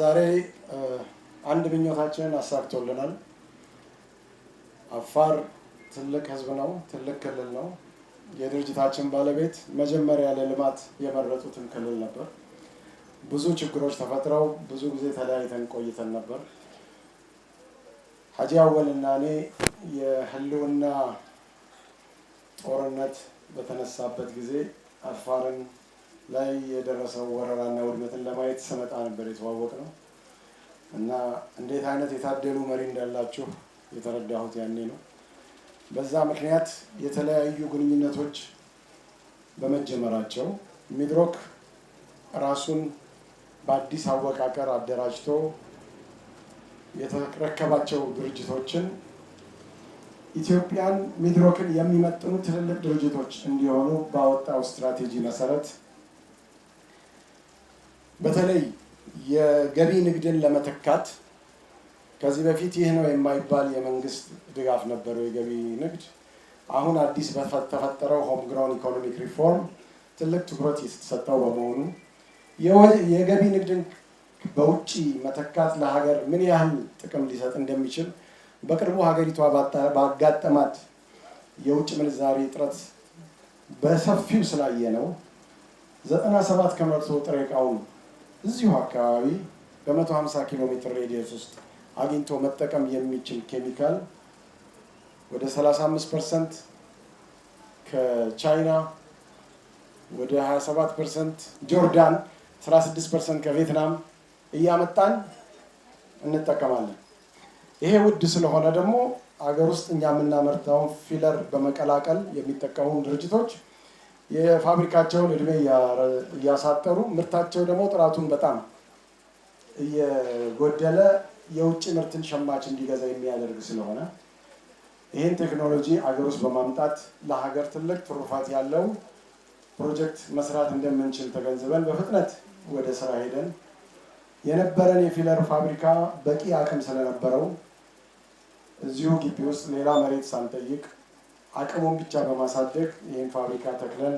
ዛሬ አንድ ምኞታችንን አሳክቶልናል። አፋር ትልቅ ህዝብ ነው፣ ትልቅ ክልል ነው። የድርጅታችን ባለቤት መጀመሪያ ለልማት የመረጡትን ክልል ነበር። ብዙ ችግሮች ተፈጥረው ብዙ ጊዜ ተለያይተን ቆይተን ነበር። ሀጂ አወልና እኔ የህልውና ጦርነት በተነሳበት ጊዜ አፋርን ላይ የደረሰው ወረራና ውድመትን ለማየት ስመጣ ነበር የተዋወቅ ነው እና እንዴት አይነት የታደሉ መሪ እንዳላችሁ የተረዳሁት ያኔ ነው። በዛ ምክንያት የተለያዩ ግንኙነቶች በመጀመራቸው ሚድሮክ ራሱን በአዲስ አወቃቀር አደራጅቶ የተረከባቸው ድርጅቶችን ኢትዮጵያን ሚድሮክን የሚመጥኑ ትልልቅ ድርጅቶች እንዲሆኑ ባወጣው ስትራቴጂ መሰረት በተለይ የገቢ ንግድን ለመተካት ከዚህ በፊት ይህ ነው የማይባል የመንግስት ድጋፍ ነበረው የገቢ ንግድ። አሁን አዲስ በተፈጠረው ሆም ግራውን ኢኮኖሚክ ሪፎርም ትልቅ ትኩረት የተሰጠው በመሆኑ የገቢ ንግድን በውጭ መተካት ለሀገር ምን ያህል ጥቅም ሊሰጥ እንደሚችል በቅርቡ ሀገሪቷ ባጋጠማት የውጭ ምንዛሬ እጥረት በሰፊው ስላየ ነው 97 ከመቶ ጥሬ እቃውን? እዚሁ አካባቢ በ150 ኪሎ ሜትር ሬዲየስ ውስጥ አግኝቶ መጠቀም የሚችል ኬሚካል ወደ 35 ፐርሰንት ከቻይና ወደ 27 ፐርሰንት ጆርዳን 16 ፐርሰንት ከቪየትናም እያመጣን እንጠቀማለን። ይሄ ውድ ስለሆነ ደግሞ አገር ውስጥ እኛ የምናመርተውን ፊለር በመቀላቀል የሚጠቀሙ ድርጅቶች የፋብሪካቸውን እድሜ እያሳጠሩ ምርታቸው ደግሞ ጥራቱን በጣም እየጎደለ የውጭ ምርትን ሸማች እንዲገዛ የሚያደርግ ስለሆነ ይህን ቴክኖሎጂ አገር ውስጥ በማምጣት ለሀገር ትልቅ ትሩፋት ያለው ፕሮጀክት መስራት እንደምንችል ተገንዝበን በፍጥነት ወደ ስራ ሄደን የነበረን የፊለር ፋብሪካ በቂ አቅም ስለነበረው እዚሁ ግቢ ውስጥ ሌላ መሬት ሳንጠይቅ አቅሙን ብቻ በማሳደግ ይህን ፋብሪካ ተክለን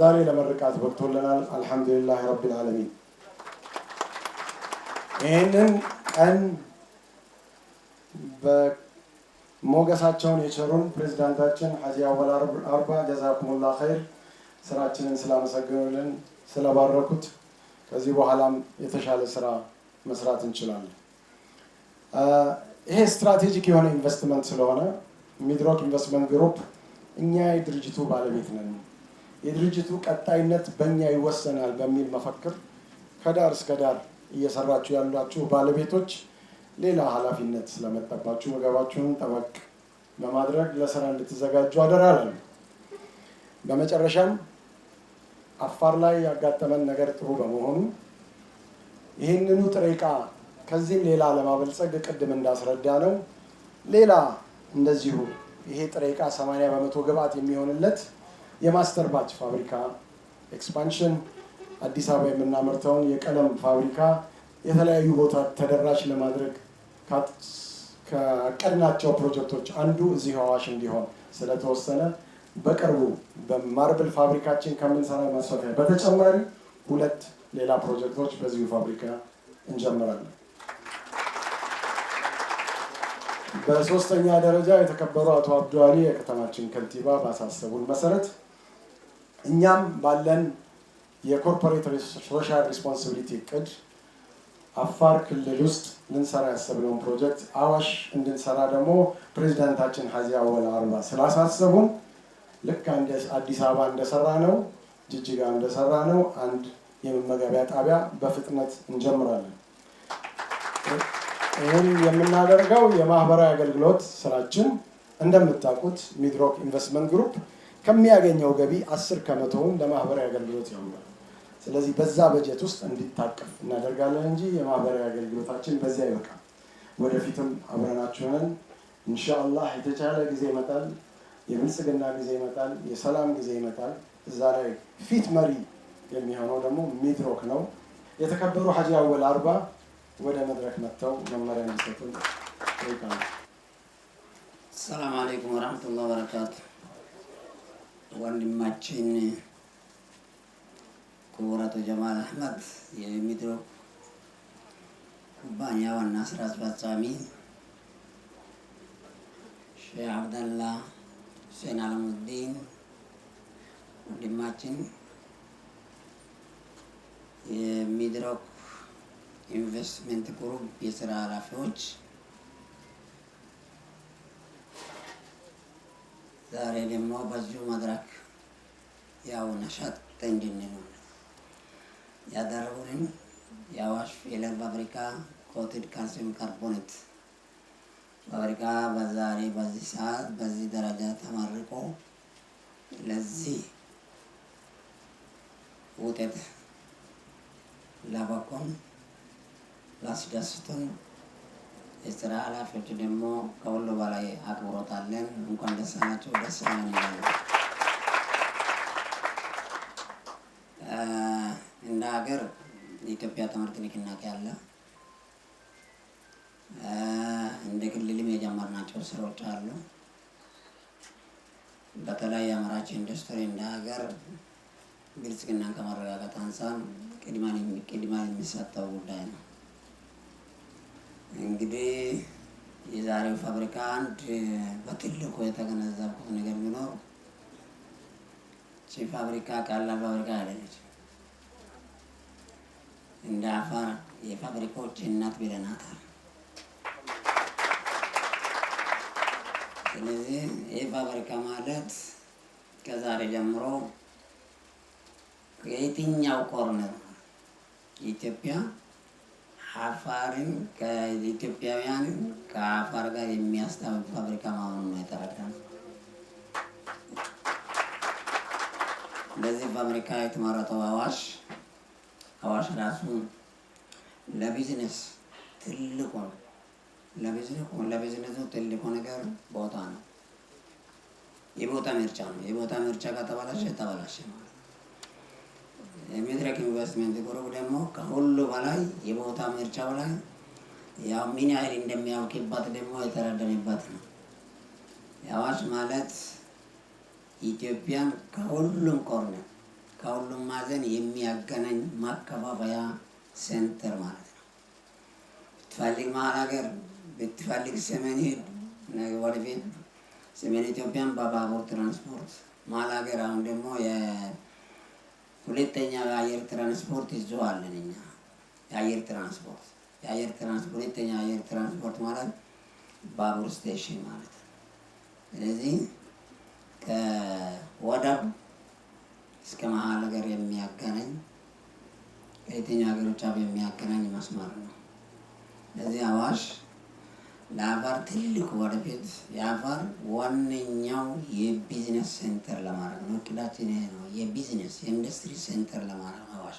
ዛሬ ለመርቃት በቅቶልናል። አልሐምዱሊላህ ረቢል ዓለሚን። ይህንን ቀን በሞገሳቸውን የቸሩን ፕሬዚዳንታችን ሐጂ አወል አርባ ጀዛኩሙላ ኸይር ስራችንን ስላመሰገኑልን ስለባረኩት፣ ከዚህ በኋላም የተሻለ ስራ መስራት እንችላለን። ይሄ ስትራቴጂክ የሆነ ኢንቨስትመንት ስለሆነ ሚድሮክ ኢንቨስትመንት ግሩፕ እኛ የድርጅቱ ባለቤት ነን፣ የድርጅቱ ቀጣይነት በእኛ ይወሰናል በሚል መፈክር ከዳር እስከ ዳር እየሰራችሁ ያሏችሁ ባለቤቶች ሌላ ኃላፊነት ስለመጠባችሁ ወገባችሁን ጠበቅ በማድረግ ለስራ እንድትዘጋጁ አደራ በመጨረሻም አፋር ላይ ያጋጠመን ነገር ጥሩ በመሆኑ ይህንኑ ጥሬ ዕቃ ከዚህም ሌላ ለማበልጸግ ቅድም እንዳስረዳ ነው ሌላ እንደዚሁ ይሄ ጥሬ እቃ 80 በመቶ ግብዓት የሚሆንለት የማስተር ባች ፋብሪካ ኤክስፓንሽን፣ አዲስ አበባ የምናመርተውን የቀለም ፋብሪካ የተለያዩ ቦታ ተደራሽ ለማድረግ ከቀድናቸው ፕሮጀክቶች አንዱ እዚህ አዋሽ እንዲሆን ስለተወሰነ በቅርቡ በማርብል ፋብሪካችን ከምንሰራ ማስፋፊያ በተጨማሪ ሁለት ሌላ ፕሮጀክቶች በዚሁ ፋብሪካ እንጀምራለን። በሶስተኛ ደረጃ የተከበሩ አቶ አብዱ የከተማችን ከንቲባ ባሳሰቡን መሰረት እኛም ባለን የኮርፖሬት ሶሻል ሪስፖንሲቢሊቲ እቅድ አፋር ክልል ውስጥ ልንሰራ ያሰብነውን ፕሮጀክት አዋሽ እንድንሰራ ደግሞ ፕሬዚዳንታችን ሀዚያ ወላ አርባ ስላሳሰቡን ልክ አዲስ አበባ እንደሰራ ነው፣ ጅጅጋ እንደሰራ ነው፣ አንድ የመመገቢያ ጣቢያ በፍጥነት እንጀምራለን። ይህን የምናደርገው የማህበራዊ አገልግሎት ስራችን እንደምታውቁት ሚድሮክ ኢንቨስትመንት ግሩፕ ከሚያገኘው ገቢ አስር ከመቶውን ለማህበራዊ አገልግሎት ያውላል። ስለዚህ በዛ በጀት ውስጥ እንዲታቀፍ እናደርጋለን እንጂ የማህበራዊ አገልግሎታችን በዚያ ይበቃል። ወደፊትም አብረናችሁንን ኢንሻአላህ የተቻለ ጊዜ ይመጣል፣ የብልጽግና ጊዜ ይመጣል፣ የሰላም ጊዜ ይመጣል። እዛ ላይ ፊት መሪ የሚሆነው ደግሞ ሚድሮክ ነው። የተከበሩ ሀጂ አወል አርባ ወደ መድረክ መጥተው መመሪያ እንዲሰጡን ይቃሉ። ሰላም አለይኩም ወረህመቱላህ በረካቱ። ወንድማችን ክቡር አቶ ጀማል አህመድ የሚድሮ ኩባንያ ዋና ስራ አስፈጻሚ፣ ሼህ አብደላ ሁሴን አለሙዲን ወንድማችን የሚድሮክ የኢንቨስትመንት ግሩፕ የስራ ኃላፊዎች ዛሬ ደግሞ በዚሁ መድረክ ያው ነሻጥ እንድንሆን ያደረጉንን የአዋሽ ፊለር ፋብሪካ ኮትድ ካልሲየም ካርቦኔት ፋብሪካ በዛሬ በዚህ ሰዓት በዚህ ደረጃ ተመርቆ ለዚህ ውጤት ለበቆን ላስደስትም የስራ ኃላፊዎች ደግሞ ከሁሉ በላይ አክብሮት አለን። እንኳን ደስ ናቸው ደስ እንደ ሀገር የኢትዮጵያ ትምህርት ንቅናቄ አለ። እንደ ክልልም የጀመርናቸው ስራዎች አሉ። በተለይ የአምራች ኢንዱስትሪ እንደ ሀገር ብልጽግናን ከማረጋገጥ አንጻር ቅድሚያ የሚሰጠው ጉዳይ ነው። እንግዲህ የዛሬው ፋብሪካ አንድ በትልቁ የተገነዘብኩት ነገር ቢኖር ቺ ፋብሪካ ቀላል ፋብሪካ አይደለች። እንደ አፋር የፋብሪካዎች እናት ብለናታል። ስለዚህ ይህ ፋብሪካ ማለት ከዛሬ ጀምሮ ከየትኛው ኮርነር ኢትዮጵያ አፋርን ከኢትዮጵያውያን ከአፋር ጋር የሚያስታምር ፋብሪካ መሆኑን ነው የተረዳነው። በዚህ ፋብሪካ የተመረጠው አዋሽ አዋሽ ራሱ ለቢዝነስ ትልቁ ለቢዝነሱ ትልቁ ነገር ቦታ ነው። የቦታ ምርጫ ነው። የቦታ ምርጫ ከተበላሸ ተበላሸ ነው። የመድረክ ኢንቨስትመንት ግሩፕ ደግሞ ከሁሉ በላይ የቦታ ምርጫው ላይ ያው ምን ያህል እንደሚያውቅበት ደግሞ የተረደንበት ነው። የአዋሽ ማለት ኢትዮጵያን ከሁሉም ኮርነር ከሁሉም ማዘን የሚያገናኝ ማከፋፈያ ሴንተር ማለት ነው። ብትፈልግ መሀል ሀገር፣ ብትፈልግ ሰሜን ሂድ ወደፊት ሰሜን ኢትዮጵያን በባቡር ትራንስፖርት መሀል ሀገር አሁን ደግሞ ሁለተኛ የአየር ትራንስፖርት ይዘዋለን እኛ የአየር ትራንስፖርት የአየር ትራንስፖርት ሁለተኛ የአየር ትራንስፖርት ማለት ባቡር ስቴሽን ማለት ነው። ስለዚህ ከወደብ እስከ መሀል ሀገር የሚያገናኝ ከየትኛው ሀገሮች የሚያገናኝ መስመር ነው። ስለዚህ አዋሽ ለአፋር ትልቁ ወደፊት የአፋር ዋነኛው የቢዝነስ ሴንተር ለማድረግ ነው። እቅዳችን ይሄ ነው። የቢዝነስ የኢንዱስትሪ ሴንተር ለማድረግ አዋሽ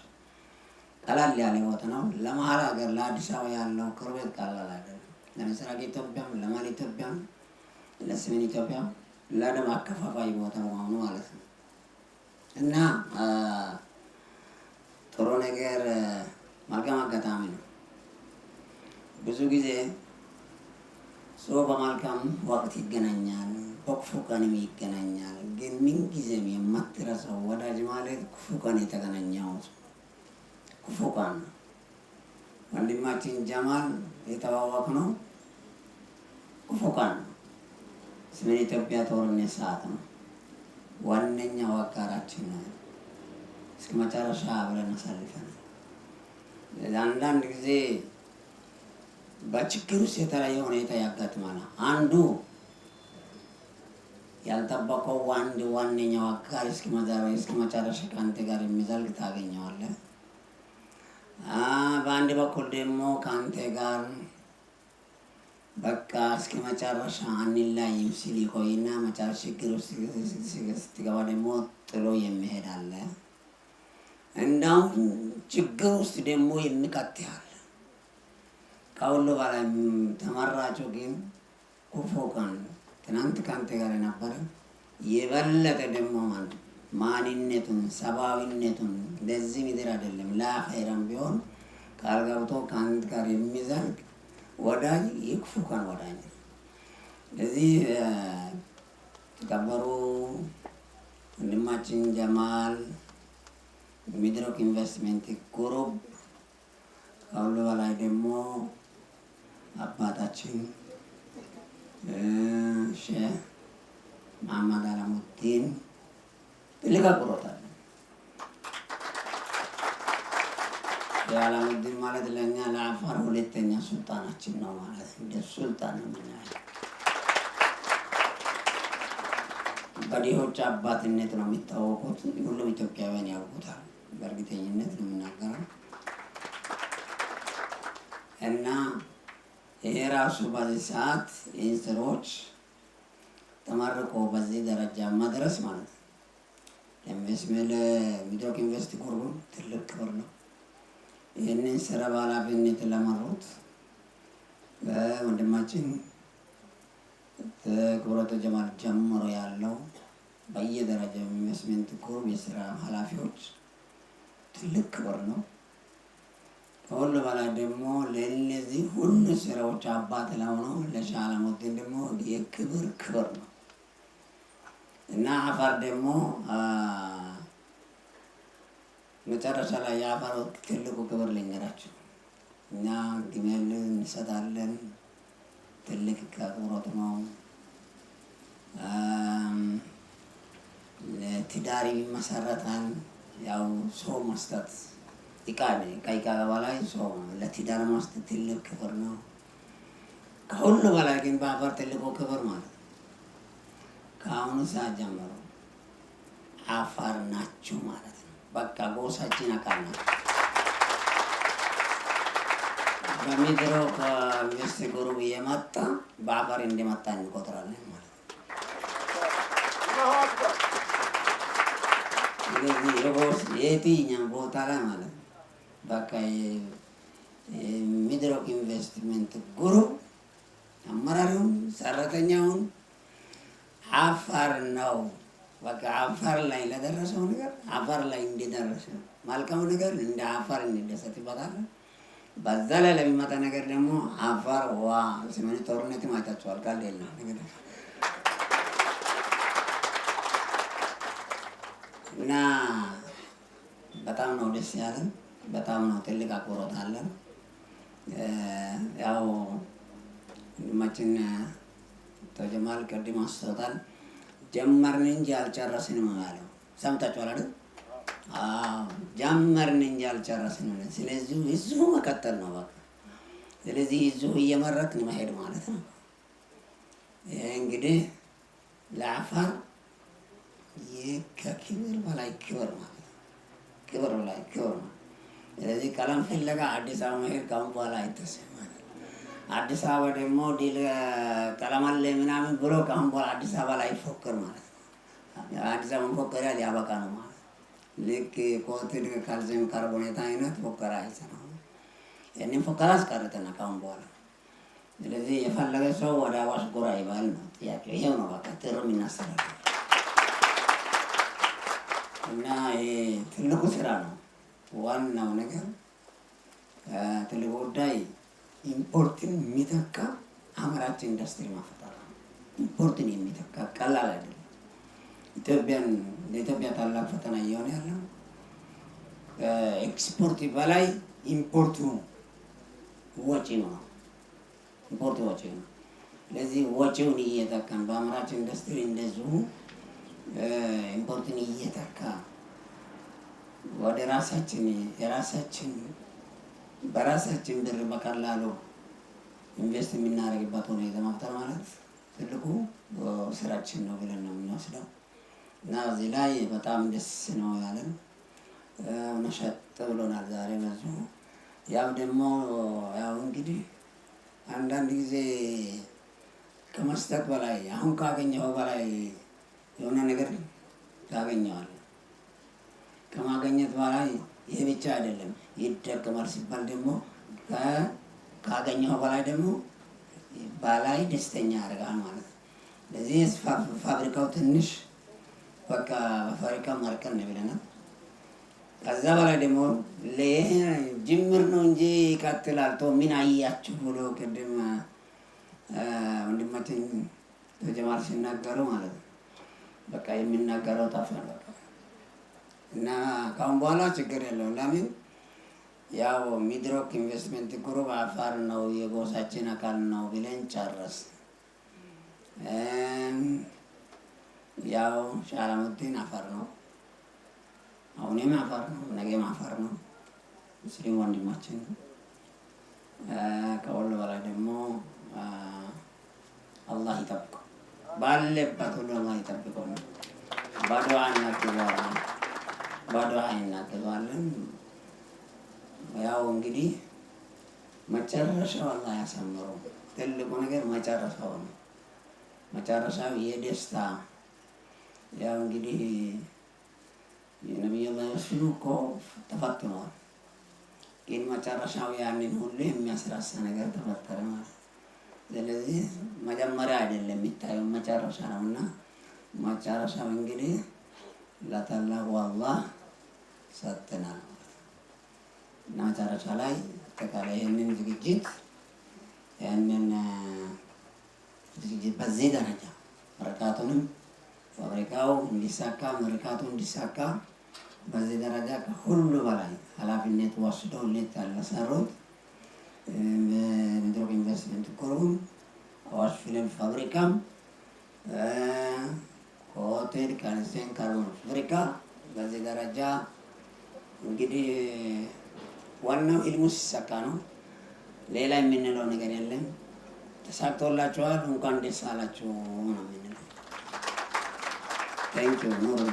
ቀላል ያለ ቦታ ነው። ለመሀል ሀገር ለአዲስ አበባ ያለው ቅርበት ቀላል አይደለም። ለምስራቅ ኢትዮጵያም፣ ለማል ኢትዮጵያም፣ ለሰሜን ኢትዮጵያም ለደም አከፋፋይ ቦታ መሆኑ ማለት ነው እና ሶ በመልካም ወቅት ይገናኛል፣ በክፉ ቀንም ይገናኛል። ግን ምንጊዜም የማትረሳው ወዳጅ ማለት ክፉ ቀን የተገናኘሁት ክፉ ቀን ወንድማችን ጀማል የተዋወቅ ነው ክፉ ቀን ነው። ኢትዮጵያ ጦርነት ሰዓት ነው። ዋነኛው አጋራችን እስከ መጨረሻ አብረን አሳልፈናል። አንዳንድ ጊዜ በችግር ውስጥ የተለያየ ሁኔታ ያጋጥማል። አንዱ ያልጠበቀው አንድ ዋነኛው አጋር እስኪ መጨረሻ ከአንተ ጋር የሚዘልግ ታገኘዋለህ። በአንድ በኩል ደግሞ ከአንተ ጋር በቃ እስከ መጨረሻ አንለያይም ሲል ይቆይና መጨረሻ ችግር ውስጥ ስትገባ ደግሞ ጥሎ የሚሄድ አለ። እንዳውም ችግር ውስጥ ደግሞ የሚቀጥል ከሁሉ በላይ ተመራጩ ግን ኩፎ ቀን ትናንት ከአንተ ጋር የነበረ የበለጠ ደግሞ ማለት ማንነቱን ሰብአዊነቱን ለዚህ ምድር አይደለም ለአኼራም ቢሆን ቃል ገብቶ ከአንተ ጋር የሚዘልቅ ወዳጅ የክፉ ቀን ወዳጅ። ለዚህ ተከበሩ ወንድማችን ጀማል ሚድሮክ ኢንቨስትመንት ግሩፕ ከሁሉ በላይ ደግሞ አባታችን ሼህ መሐመድ አላሙዲን ትልቅ አቁሮታል። የአላሙዲን ማለት ለእኛ ለአፋር ሁለተኛ ሱልጣናችን ነው ማለት እንደ ሱልጣን ነው የምናየው። በዲሆች አባትነት ነው የሚታወቁት። ሁሉም ኢትዮጵያውያን ያውቁታል። በእርግጠኝነት ነው የምናገረው እና ይሄ ራሱ በዚህ ሰዓት ይህን ስራዎች ተመርቆ በዚህ ደረጃ መድረስ ማለት ነው። ለሚድሮክ ኢንቨስት ጉሩ ትልቅ ክብር ነው። ይህንን ስራ በኃላፊነት ለመሩት በወንድማችን ክብረቶ ጀማል ጀምሮ ያለው በየደረጃ ኢንቨስትመንት ጉሩ የስራ ኃላፊዎች ትልቅ ክብር ነው። ከሁሉ በላይ ደግሞ ለእነዚህ ሁሉ ስራዎች አባት ለሆነው ለሻለሙትን ደግሞ የክብር ክብር ነው እና አፈር ደግሞ መጨረሻ ላይ የአፈር ትልቁ ክብር ልንገራችሁ። እኛ ግመል እንሰጣለን፣ ትልቅ ከአክብሮት ነው። ትዳር ይመሰረታል፣ ያው ሰው መስጠት ጥቃሚ ቀይ አበባ በላይ ለትዳር መስጠት ትልቅ ክብር ነው። ከሁሉ በላይ ግን በአፈር ትልቁ ክብር ማለት ከአሁኑ ሰዓት ጀምሮ አፋር ናችሁ ማለት ነው። በቃ ጎሳችን አካል ናችሁ። በሚድረው ከሚስት ጉሩብ እየመጣ በአፋር እንዲመጣ እንቆጥራለን ማለት ነው። ስለዚህ የትኛም ቦታ ላይ ማለት ነው በቃ የሚድሮክ ኢንቨስትመንት ጉሩ አመራሪውን ሰራተኛውን አፋር ነው። በቃ አፋር ላይ ለደረሰው ነገር አፋር ላይ እንደደረሰ ማልቀው ነገር እንደ አፋር እንደሰትበታል። በዛ ላይ ለሚመጣ ነገር ደግሞ አፋር ዋ ሰሜኑ ጦርነት አይታችኋል። ቃል የለ እና በጣም ነው ደስ ያለን። በጣም ነው ትልቅ አክብሮት አለን። ያው ወንድማችን ተጀማል ቅድም አንስቶታል። ጀመርን እንጂ አልጨረስንም አለው። ሰምታችኋል አይደል? ጀመርን እንጂ አልጨረስንም። ስለዚህ እዚሁ መቀጠል ነው በቃ። ስለዚህ እዚሁ እየመረትን መሄድ ማለት ነው። ይሄ እንግዲህ ለአፋር ይህ ከክብር በላይ ክብር ማለት ነው። ክብር በላይ ክብር ነው። ስለዚህ ቀለም ፍለጋ አዲስ አበባ መሄድ ካሁን በኋላ አይታሰብም። አዲስ አበባ ደግሞ ዲል ቀለም አለ ምናምን ብሎ ካሁን በኋላ አዲስ አበባ ላይ ይፎክር ማለት ነው። አዲስ አበባ መፎከሪያ ሊያበቃ ነው ማለት ልክ ኮት ካልዚም ካርቦኔታ አይነት ፎከራ አይሰራም። ይህንን ፎከራ አስቀርተናል ካሁን በኋላ ስለዚህ የፈለገ ሰው ወደ አዋሽ ጎራ ይባል ነው ጥያቄ ይሄው ነው። በቃ እና ትልቁ ስራ ነው። ዋናው ነገር ትልቅ ጉዳይ ኢምፖርትን የሚተካ አምራች ኢንዱስትሪ ማፈጠር ነው። ኢምፖርትን የሚተካ ቀላል አይደለም። ኢትዮጵያን ለኢትዮጵያ ታላቅ ፈተና እየሆነ ያለው ኤክስፖርት በላይ ኢምፖርቱ ወጪ ነው። ኢምፖርት ወጪ ነው። ስለዚህ ወጪውን እየተካን በአምራች ኢንዱስትሪ እንደዚሁ ኢምፖርትን እየተካ ወደ ራሳችን የራሳችን በራሳችን ብር በቀላሉ ኢንቨስት የምናደርግበት ሁኔታ መፍጠር ማለት ትልቁ ስራችን ነው ብለን ነው የምንወስደው እና በዚህ ላይ በጣም ደስ ነው ያለን። መሸጥ ብሎናል ዛሬ በዙ። ያው ደግሞ ያው እንግዲህ አንዳንድ ጊዜ ከመስጠት በላይ አሁን ካገኘው በላይ የሆነ ነገር ታገኘዋል። ከማገኘት በኋላ ይህ ብቻ አይደለም ይደገማል ሲባል ደግሞ ካገኘው በላይ ደግሞ ባላይ ደስተኛ ያደርጋል ማለት ነው። ለዚህ ፋብሪካው ትንሽ በቃ በፋብሪካ ማርቀን ነው ብለናል። ከዛ በላይ ደግሞ ጅምር ነው እንጂ ይቀጥላል። ቶ ምን አያችሁ ብሎ ቅድም ወንድማችን ተጀማር ሲናገሩ ማለት ነው በቃ የሚናገረው ጠፋ። እና ካሁን በኋላ ችግር የለውም። ለምን ያው ሚድሮክ ኢንቨስትመንት ግሩፕ አፋር ነው የጎሳችን አካል ነው ብለን ጨረስ። ያው ሻላሙዲን አፋር ነው፣ አሁንም አፋር ነው፣ ነገም አፋር ነው። ሙስሊም ወንድማችን ከሁሉ በላይ ደግሞ አላህ ይጠብቀው ባለበት ሁሉ አላህ ይጠብቀው ነው ባድዋ እናት በአድዋ እናገባለን። ያው እንግዲህ መጨረሻው አላህ ያሳምረው። ትልቁ ነገር መጨረሻው ነው። መጨረሻው የደስታ ያው እንግዲህ የነቢዩላህ ዩሱፍ እኮ ተፈትኗል። ግን መጨረሻው ያንን ሁሉ የሚያስራሳ ነገር ተፈጠረ ማለት። ስለዚህ መጀመሪያ አይደለም የሚታየው መጨረሻ ነው እና መጨረሻው እንግዲህ ለታላቁ አላህ ሰጥተናል እና መጨረሻ ላይ አጠቃላይ ይህንን ዝግጅት ይህንን ዝግጅት በዚህ ደረጃ ምርቃቱንም ፋብሪካው እንዲሳካ ምርቃቱ እንዲሳካ በዚህ ደረጃ ከሁሉ በላይ ኃላፊነት ወስዶ ሌት ያለሰሩት በሚድሮክ ኢንቨስትመንት ኮርም አዋሽ ፊልም ፋብሪካም ሆቴል ካንስቴን ካርቦን ፋብሪካ በዚህ ደረጃ እንግዲህ ዋናው ኢልሙ ሲሳካ ነው። ሌላ የምንለው ነገር የለም። ተሳክቶላችኋል፣ እንኳን ደስ አላችሁ ነው የምንለው። ታንኪዩ ኑሩ።